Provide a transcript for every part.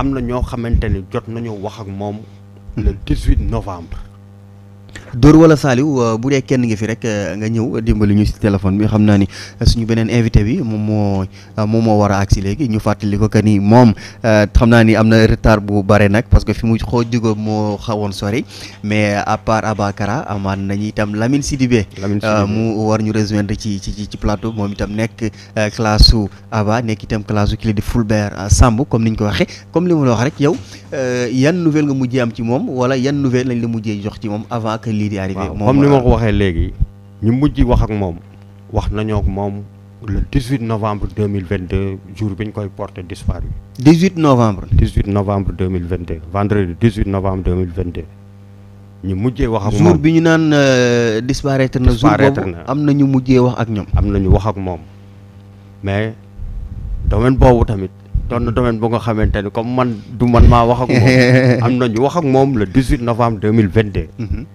am na ñoo xamante ni jot nañu wax ak moom le 18 novembre Dóor wala Saliou euh, bu dee kenn ngi fi rek euh, nga ñëw dimbali ñu si téléphone bi xam naa ni euh, suñu beneen invité bi moom moo moom moo war a agsi léegi ñu fàttali ko que ni moom xam naa ni am na retard bu bare nag parce que fi mu xoo jógoo moo xawoon sori mais à part Abakara amaan nañu itam Lamine Sidibé mu war ñu rejoindre ci ci ci plateau moom itam nekk classe su Aba nekk itam classe su kii di Fulbert Samb comme ni ñu ko waxee comme li ma la wax rek yow yan nouvelle nga mujjee ci moom wala yan nouvelle lañ mujjee jox ci que lii di arrivé. moom comme ni ma ko waxee léegi ñu mujji wax ak moom wax nañoo ak moom le 18 novembre 2022 jour bi ñu koy porté disparu. 18 novembre. 18 novembre 2022 vendredi 18 novembre 2022 ñu mujjee wax ak moom jour bi ñu naan disparaître euh, na. disparaître na jour boobu am na ñu mujjee wax ak ñoom. am na ñu wax ak moom mais domaine boobu tamit. doon na domaine bu nga xamante ni comme man du man maa wax ak moom am na ñu wax ak moom le 18 novembre 2022.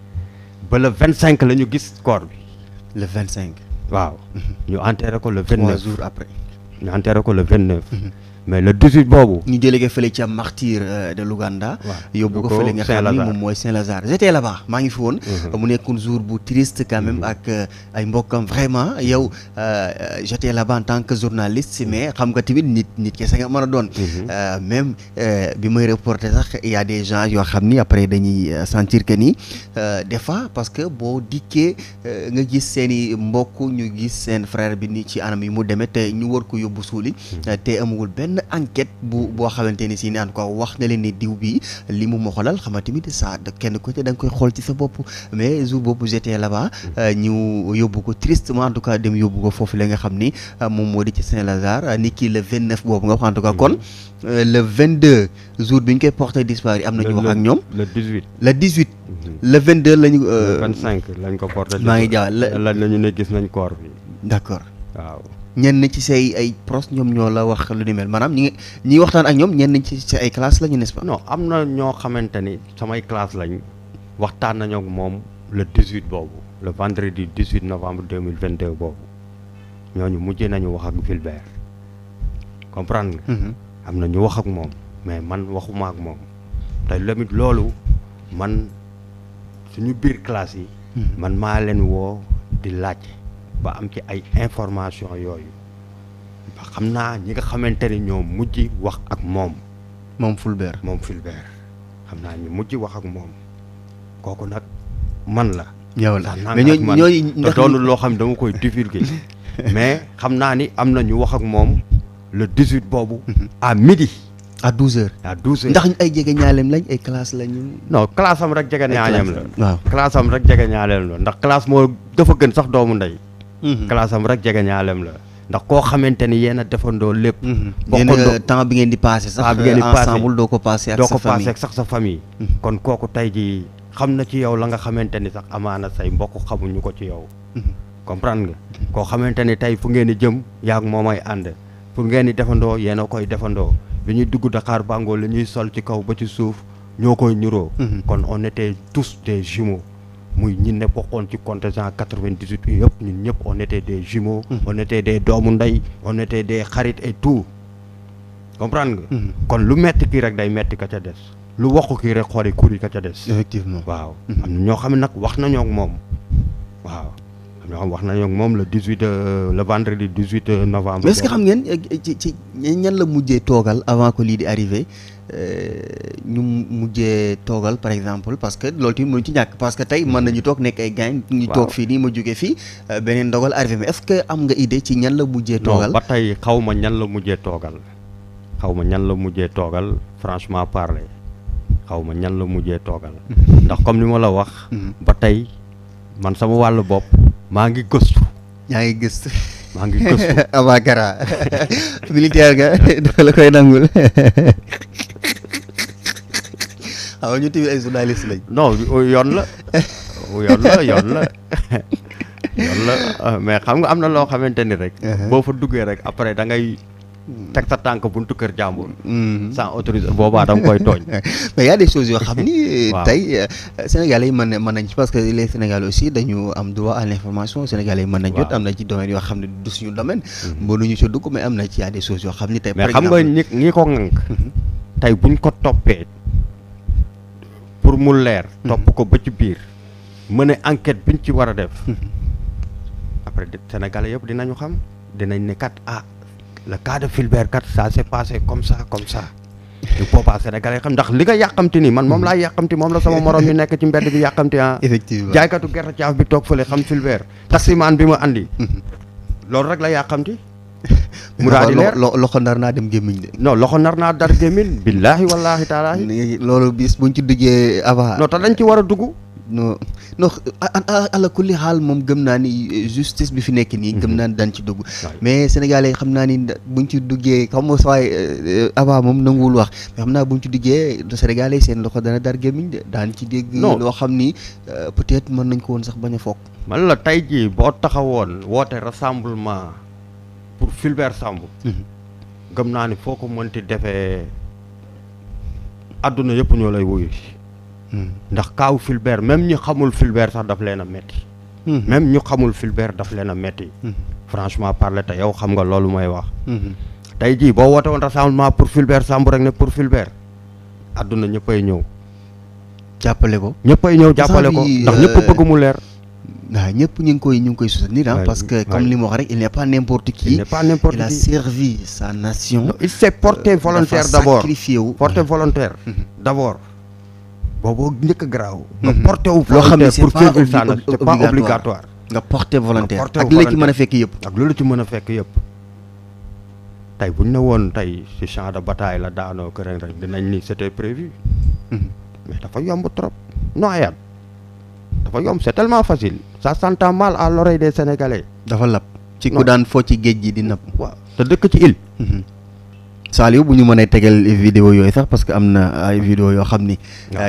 ba le vingt cinq la ñu gis corps bi. le vingt cinq. waaw mhm. ñu enterré ko le vingt neuf trois jours après. ñu enterré ko le vingt neuf. Mhm. mais le 18 boobu. ñu jëlee ko fële ca martyr euh, de Luganda. yóbbu ko fële nga xam ni moom mooy Saint-Lazare j'étais là-bas maa ngi fi woon. Mhm. mu nekkoon jour bu triste quand mhm. ak euh, ay mbokkam vraiment yow euh, j'étais là-bas en tant que journaliste mhm. mais xam nga tamit nit nit kese nga mën a doon. même bi may reporter sax y des gens yoo xam ni après dañuy sentir que nii des fois parce que boo dikkee nga gis seen i mbokk ñu gis seen frère bi ni ci anam yi mu demee te ñu war ko yóbbu suuli te benn. na enquête bu boo xamante ni si ne en tout cas wax na leen ni diw bi li mu moxolal xam nga tamit saa kenn côté da danga koy xool ci sa bopp mais jour boobu j'étais là-bas euh, ñu yóbbu ko tristement en tout cas dem yóbbu ko foofu la nga xam ni euh, moom moo di ci Saint-Lazare euh, ni kii le 29 boobu nga wax en tout cas kon mm-hmm. le 22 jour bi ñu koy porté yi am na ñu wax ak ñoom. le 18 le 18. Mm-hmm. le 22 lañu. le cinq lañ ko porté. maa ngi jaaxal lan la ñu ne nañ koor bi. d'accord waaw. ñenn ci say ay proches ñoom ñoo la wax lu ni mel maanaam ñi ñi waxtaan ak ñoom ñenn ci say ay classe lañu n'est-ce pas. am na ñoo xamante ni samay classe lañ waxtaan nañoo ak moom le 18 boobu le vendredi 18 novembre 2022 ñoo ñu mujjee nañu wax ak Fulbert comprendre nga. Mm-hmm. am na ñu wax ak moom mais man waxuma ak moom te lamit loolu man suñu biir classe yi. Mm-hmm. man maa leen woo di laaj. ba am ci ay information yooyu xam naa ñi nga xamante ni ñoo mujj wax ak moom. moom Fulbert moom Fulbert xam naa ñu mujj wax ak moom kooku nag man la. yow la mais ñooy ndax doonul loo xam ne dama koy divulguer mais xam naa ni am na ñu wax ak moom le 18 boobu. a mhm. midi. a 12h. à 12h ndax ay jege ñaaleem lañ ay classe lañu. non classe am rek jege ñaaleem la. waaw classe am rek jege ñaaleem la ndax classe moo dafa gën sax doomu ndey. Mhm. classe am rek jege ñaalem la ndax koo xamante ni yéen defandoo lépp mhm. bokkandoo temps bi ngeen di passé sax bi ngeen di passé ko passé ak doo ko passé ak sax sa famille mhm. kon kooku tey ji xam na ci yow la nga xamante ni sax amaana say mbokk xamuñu ko ci yow comprendre nga koo xamante ni tey fu ngeen di jëm moom moomay ànd pour ngeen di defandoo yéen a koy defandoo li ñuy dugg Dakar Bango li ñuy sol ci kaw ba ci suuf ñoo koy ñuroo kon on était tous des jumeaux muy ñi ne bokkoon ci contingent 98 bi yëpp ñun ñëpp on était des jumeaux mm-hmm. on était doomu ndey on était des xarit et tout comprendre nga mm-hmm. kon lu metti kii rek day metti ka ca des lu waxu kii rek xooli kuri ka ca des effectivement waaw mm-hmm. am ñoo xam ne nag wax nañoo moom waaw am ñoo xam wax nañoo moom la le 18 euh, le vendredi 18 euh, novembre mais est-ce que xam ngeen euh, ci ci ñan la mujjee toogal avant ko lii di arrivé ñu mujjee toogal par exemple parce que loolu tamit mënu ci ñàkk parce que tey mën nañu toog nekk ay gaañ ñu toog fii nii ma jógee fii euh, beneen ndogal arrivé mais ce que am nga idée ci ñan la mujjee toogal ba tey xaw ma ñan la mujjee toogal xaw ma ñan la mujjee toogal franchement parler xaw ma ñan la mujjee toogal ndax comme ni ma la wax mm-hmm. ba tey man sama wàllu bopp maa ngi gëstu yaa ngi gëstu maa ngi gëstu avant gara militaire ga dafa la koy nangul waaw ñu tamit ay journaliste lañ. non yoon la yoon la yoon la yoon ah, la mais xam nga am na loo xamante ni rek. Uh-huh. boo fa duggee rek après da ngay. teg sa tànk buntu kër jàmbur. Mm-hmm. sans autorisation boobaa da nga koy tooñ. mais y a des yoo xam ni. waaw tey euh, sénégalais yi mën na mën nañ ci parce que les sénégalais aussi dañu am droit à l' yi mën nañ jot. na ci domaine yoo xam ne du suñu domaine. Mm-hmm. mënuñu ci dugg mais am na ci y a des yoo xam ni tey. par exemple mais xam nga ñi ñi ko ŋànk. Mm-hmm. tey buñ ko toppee. pour mu leer. Mm-hmm. topp ko ba ci biir. mën a enquête biñ ci war a def. Mm-hmm. après Sénégalais yëpp dinañu xam dinañ ne kat ah le cas de Fulbert kat ça s'est passé comme sa comme ça. du boobaa Sénégalais xam ndax li nga yàqamti nii man moom mm-hmm. laa yàqamti moom la sama moroom mi nekk ci mbedd bi yàqamti ah. effectivement jaaykatu gerte caaf bi toog fële xam Fulbert. taximaan bi ma andi. loolu rek la yàqamti. mu daal loxo nar naa dem gémmiñ de no loxo nar naa dar gémmiñ billaahi wallaahi taalaahi loolu bis buñ ci duggee avant non te dañ ci war a dugg non non ala kulli xaal moom gëm naa ni euh, justice bi fi nekk nii gëm mhm. naa ni daan ci dugg mais sénégalais xam naa ni buñ ci duggee xam nga sawaay euh, avant moom nanguwul wax xam naa buñ ci duggee sénégalais seen loxo dana dar gémmiñ de daan ci dégg loo xam ni euh, peut-être mën nañ ko woon sax bañ a foog man la tey jii boo taxawoon woote rassemblement Fulbert Samb. Mhm. gëm naa ni foo ko mënti defee àdduna yëpp ñoo lay wuyu mhm. ndax kaaw Fulbert même ñu xamul Fulbert sax daf leen a metti mhm. même ñu xamul Fulbert daf leen a metti franchement parler te yow xam nga loolu mooy wax tey jii boo woote woon rassemblement pour Fulbert Samb rek ne pour Fulbert àdduna ñëppay ñëw jàppale ko ñëppay ñëw jàppale ko ndax ñëpp euh, bëgg leer waaw ah, ñëpp ñu ngi koy ñu ngi koy soutenir ah. parce que li mu wax rek il n' est pas n' a servi sa nation. il s' est porté euh, volontaire wu. porté volontaire mhm. d' abord. boobu njëkk a mhm. nga porté wu volontaire pour servir sa nation c' nga porté volontaire ak li la mën a fekk yëpp. ak loolu ci mën a fekk yëpp. tey bu ne woon tey si champ de bataille la daanoo ko ren rek dinañ ni c' était prévu. Mhm. mais dafa yomb trop noyaat. dafa yomb c'est tellement facile ça s'entend mal à l'oreille des sénégalais. dafa lab ci ku daan foo ci géej gi di napp. waaw te dëkk ci île. Mhm. Saliou bu ñu mënee tegal vidéo yooyu sax parce que am na ay vidéo yoo xam ni.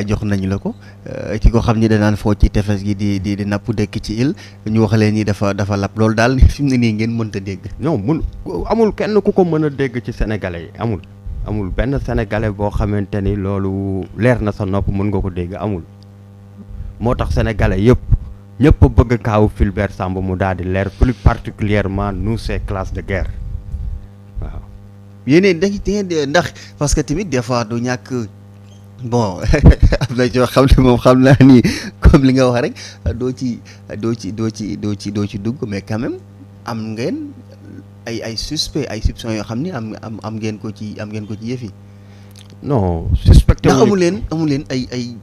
jox nañu la ko. Euh, ci ko xam ni danaan foo ci tefes gi di di di napp dëkk ci île ñu wax leen ni dafa dafa lab loolu daal fi ne nii ngeen mënta dégg. non mun amul kenn ku ko mën a dégg ci sénégalais yi amul. amul benn sénégalais boo xamante ni loolu leer na sa nopp mën nga ko dégg amul. moo tax sénégalais yëpp ñëpp bëgg kaawu Fulbert Sambou mu daal di leer plus particulièrement nous ces classes de guerre waaw. yéen dañ dañ ndax parce que tamit des fois du ñàkk bon am na joo xam ne moom xam naa ni comme li nga wax rek doo ci doo ci doo ci doo ci doo ci dugg mais quand même am ngeen ay ay suspect ay soupçons yoo xam ni am am am ngeen ko ci am ngeen ko ci yëfi non suspecté ndax leen amu leen ay ay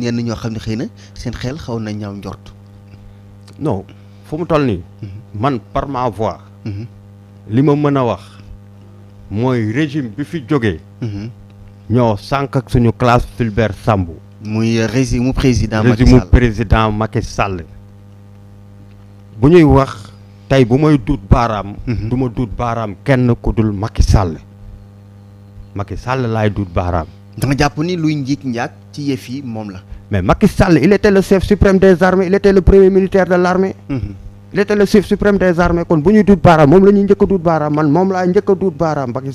ñenn ñoo xam ne xëy na seen xel xaw na ñaaw njort. non fu mu toll nii. Mhm. man par ma voix. Mhm. li ma mën a wax mooy régime bi fi jógee. Mhm. ñoo sànq ak suñu classe Fulbert Sambou. muy régime mu président Macky Sall président Macky Sall. bu ñuy wax tey bu may duut baaraam. duma ma baaraam kenn ku dul Macky Sall. Macky Sall laay duut baaraam. da nga jàpp ni luy njiit njaag ci yëf yi moom la. mais Macky Sall le chef suprême des armées l' armée. Mhm. il était le chef kon bu ñuy duut baaraam moom la ñuy njëkk a duut baaraam moom laa njëkk a duut baaraam Macky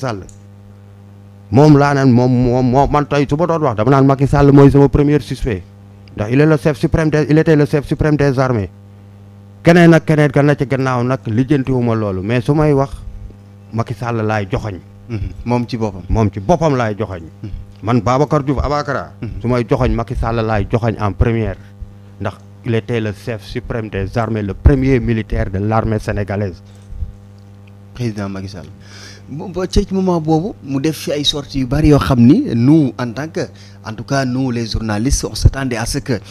moom laa naan moom moom moom man tey su ma doon wax dama naan Macky Sall mooy sama premier suspect ndax il est le chef suprême des il était le keneen ak keneen kan na ci gannaaw nag lijjantiwuma loolu mais su may wax Macky Sall laay joxoñ Mm-hmm. moom ci boppam moom ci boppam laay joxoñ mm-hmm. man Babacar Diouf Abakara mm-hmm. su may joxoñ Macky Sall laay joxoñ en première ndax il était le chef suprême des armées le militaire de l'armée sénégalaise président Macky Sall ci moment boobu mu def fi ay sorties yu bari yoo xam ni nous en tant que en tout cas nous les journalistes on s'attendait à ce que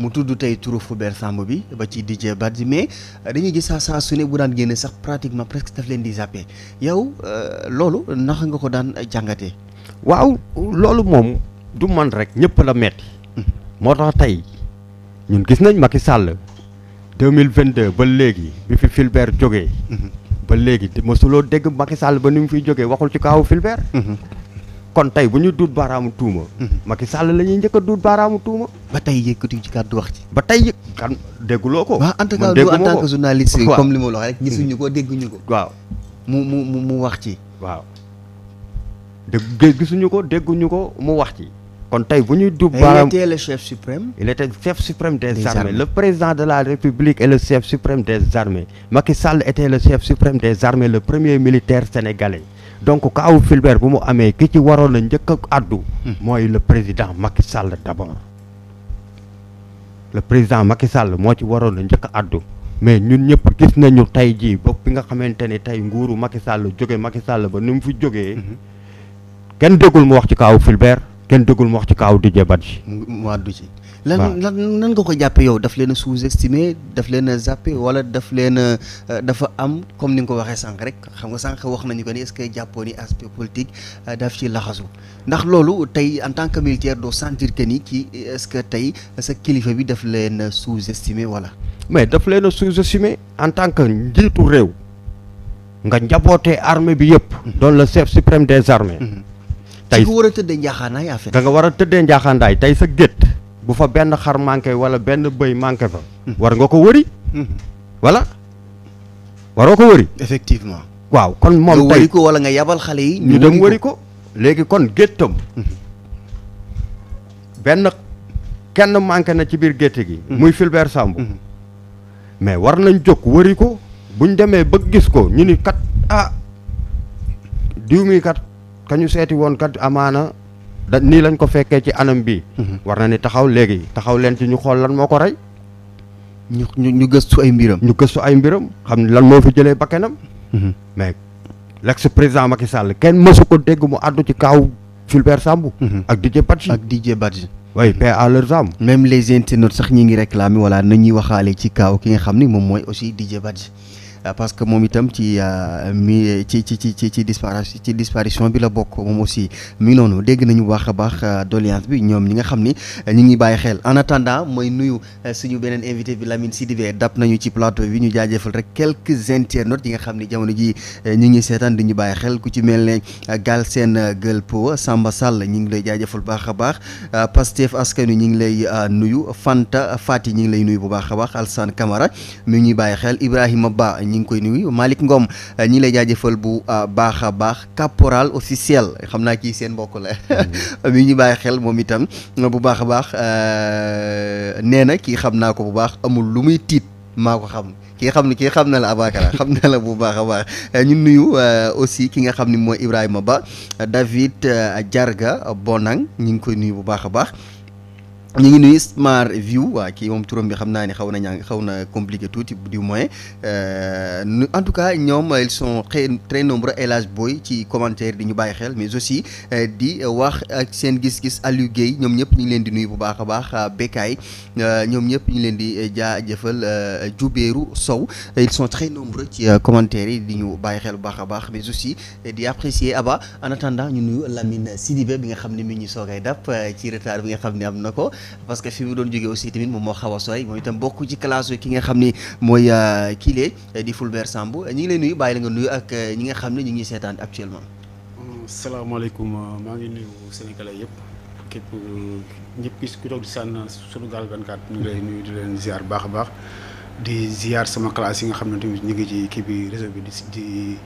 mu tudd tey turu Fulbert Sambou bi ba ci DJ Badji mais euh, dañuy gis saa saa sune bu daan génne sax pratiquement presque daf leen di zappé yow euh, loolu nax nga ko daan jàngate waaw loolu moom du man rek ñëpp la metti hmm. moo tax tey ñun gis nañ Macky Sall 2022 ba léegi bi fi Fulbert jógee. Hmm. ba léegi loo dégg Macky Sall ba ni mu fiy jógee waxul ci kaawu Fulbert. Hmm. kon tey bu ñu duut baaraamu tuuma. Mhm. Macky Sall la ñuy njëkk a duut baaraamu tuuma. ba tey yëkkati ci kàddu wax ci. ba tey yëg kan dégguloo ko. man dégguma ko li ma la wax rek. gisuñu ko dégguñu ko. waaw mu mu mu mu wax ci. waaw dégg gisuñu ko dégguñu ko mu wax ci. kon tey bu ñuy duut baaraamu il était le chef suprême. il était chef suprême des, des armées. président de la république est le chef suprême des armées Macky Sall était le chef suprême des armées le premier militaire sénégalais. donc kaaw Fulbert bu mu amee ki ci waroon a njëkk a addu hmm. mooy le président Macky Sall d'abord le président Macky Sall moo ci waroon a njëkk a addu mais ñun ñëpp gis nañu tey jii ba bi nga xamante ne tey nguuru Macky Sall jóge Macky Sall ba ni mu fi jógee hmm. kenn déggul mu wax ci kaaw Fulbert kenn déggul mu wax ci kaaw Didier Badji mu addu ci lan lan nan nga ko jàppee yow daf leen a sous-estimé daf leen a zappé wala daf leen euh, dafa am comme ni nga ko waxee sànq rek xam nga sànq wax nañu ko ni est-ce jàppoo ni aspect politique euh, daf ci laxasu ndax loolu tey en tant que militaire doo sentir que ni kii est que tey sa kilifa bi daf leen a sous-estimé wala. mais daf leen a sous-estimé en tant que njiitu réew. nga njabootee armée bi yëpp. Mm-hmm. doon le chef suprême des armées. Mm-hmm. tey da nga war a tëddee njaaxaandaay tey sa gétt bu fa benn xar manqué wala benn bëy manqué fa. Hmm. war nga ko wëri. Hmm. voilà waroo ko wëri. effectivement. waaw kon moom tey ko wala nga yabal xale yi. ñu dem wëri ko léegi kon géttam. Hmm. benn kenn manqué na ci biir gétt gi. muy Fulbert Sambou. mais war nañ jóg wëri ko buñ demee ba gis ko ñu ni kat ah diw mi kat kañu seeti woon kat amaana. da nii lañ ko fekkee ci anam bi mhm. war na ni taxaw léegi taxaw leen ci ñu xool lan moo ko rey ñu ñu gëstu ay mbiram ñu gëstu ay mbiram xam ne lan moo fi jëlee bakkanam mhm. mais l'ex président Macky Sall kenn mësu ko dégg mu àddu ci kaaw Fulbert Sambou mhm. ak Didier Badji ak Didier Badji way paix à leurs âmes même les internautes sax ñi ngi réclamer wala na ñuy waxaale ci kaaw ki nga xam ni moom mooy aussi Didier Badji Euh, parce que moom itam ci euh, mi ci ci ci ci disparition ci disparition bi la bokk moom aussi mi noonu dégg nañu baax a baax euh, doléance bi ñoom ñi nga xam ni ñu ngi bàyyi xel en attendant mooy nuyu suñu beneen invité bi Lamine Sidibé dab nañu ci plateau bi ñu jaajëfal rek quelques internautes yi nga xam ni jamono ji ñu ngi seetaan di ñu bàyyi xel ku ci mel ne Galsen Guelpo Samba Sall ñu ngi lay jaajëfal baax a baax Pastef askan wi ñu ngi lay nuyu Fanta Fati ñu ngi lay nuyu bu baax a baax Alsane Camara ñu ngi koy nuyu Malick ngoom euh, ñi lay jaajëfal bu euh, baax a baax caporal officiel xam naa kii seen mbokk la mm-hmm. mi ñu bàyyi xel moom itam bu baax a baax euh, nee na kii xam naa ko bu baax amul lu muy tiit maa ko xam ki nga xam ne ki xam na la Abakara xam na la bu baax a baax ñu nuyu aussi ki nga xam ne mooy Ibrahima Ba David Jarga Bonang ñu ngi koy nuyu bu baax a baax ñu ngi nuyu Smart View waa ki moom turam bi xam naa ni xaw na ñaa xaw na compliqué tuuti du moins euh, en tout cas ñoom ils sont très très nombreux El Hadj Boy ci commentaire di ñu bàyyi xel mais aussi euh, di wax seen gis-gis Aliou ñoom ñëpp ñu ngi leen di nuyu bu baax a baax euh, Bekkaay ñoom ñëpp ñu leen di jaajëfal Jubeeru Sow ils sont très nombreux ci commentaire yi di ñu bàyyi xel bu baax a baax mais aussi di apprécier Aba en attendant ñu nuyu Lamine Sidibé bi nga xam ne mi ñu soogay dap ci retard bi nga xam ne am na ko. parce que fi mu doon jógee aussi tamit moom moo xaw a sooy moom itam bokk ci classe ki nga xam ni mooy euh, kii di Fulbert samb ñi ngi lay nuyu bàyyi la nga nuyu ak euh, ñi nga xam ne ñu ngi seetaan actuellement. Oh, salaamaaleykum euh, maa ngi nuyu sénégalais yëpp képp ñëpp gis ku toog di sànn Sunugal 24 ñu ngi lay nuyu di leen ziar baax a baax di ziar sama classe yi nga xam ne tamit ñu ngi ci kii bi réseau bi di